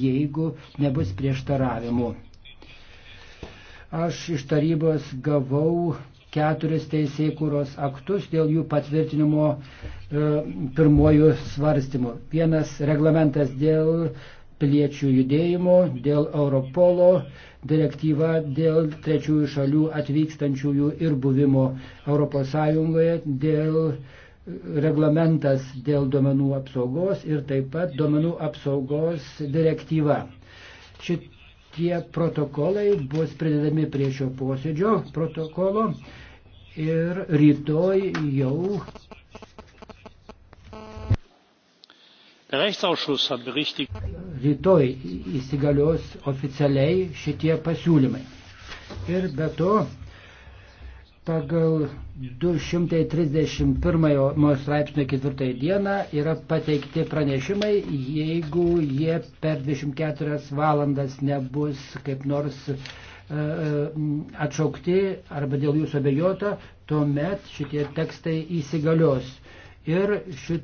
jeigu nebus prieštaravimų. Aš iš tarybos gavau keturis teisėkūros aktus dėl jų patvirtinimo e, pirmojų svarstymų. Vienas reglamentas dėl piliečių judėjimo, dėl Europolo, direktyva dėl trečiųjų šalių atvykstančiųjų ir buvimo ES, dėl reglamentas dėl duomenų apsaugos ir taip pat duomenų apsaugos direktyva. Šitie protokolai bus pridedami prie šio posėdžio protokolo ir rytoj jau. Rytoj įsigalios oficialiai šitie pasiūlymai. Ir be to pagal 231 straipsnio 4 dieną yra pateikti pranešimai, jeigu jie per 24 valandas nebus kaip nors uh, atšaukti arba dėl jūsų abejota, tuomet šitie tekstai įsigalios. Ir šit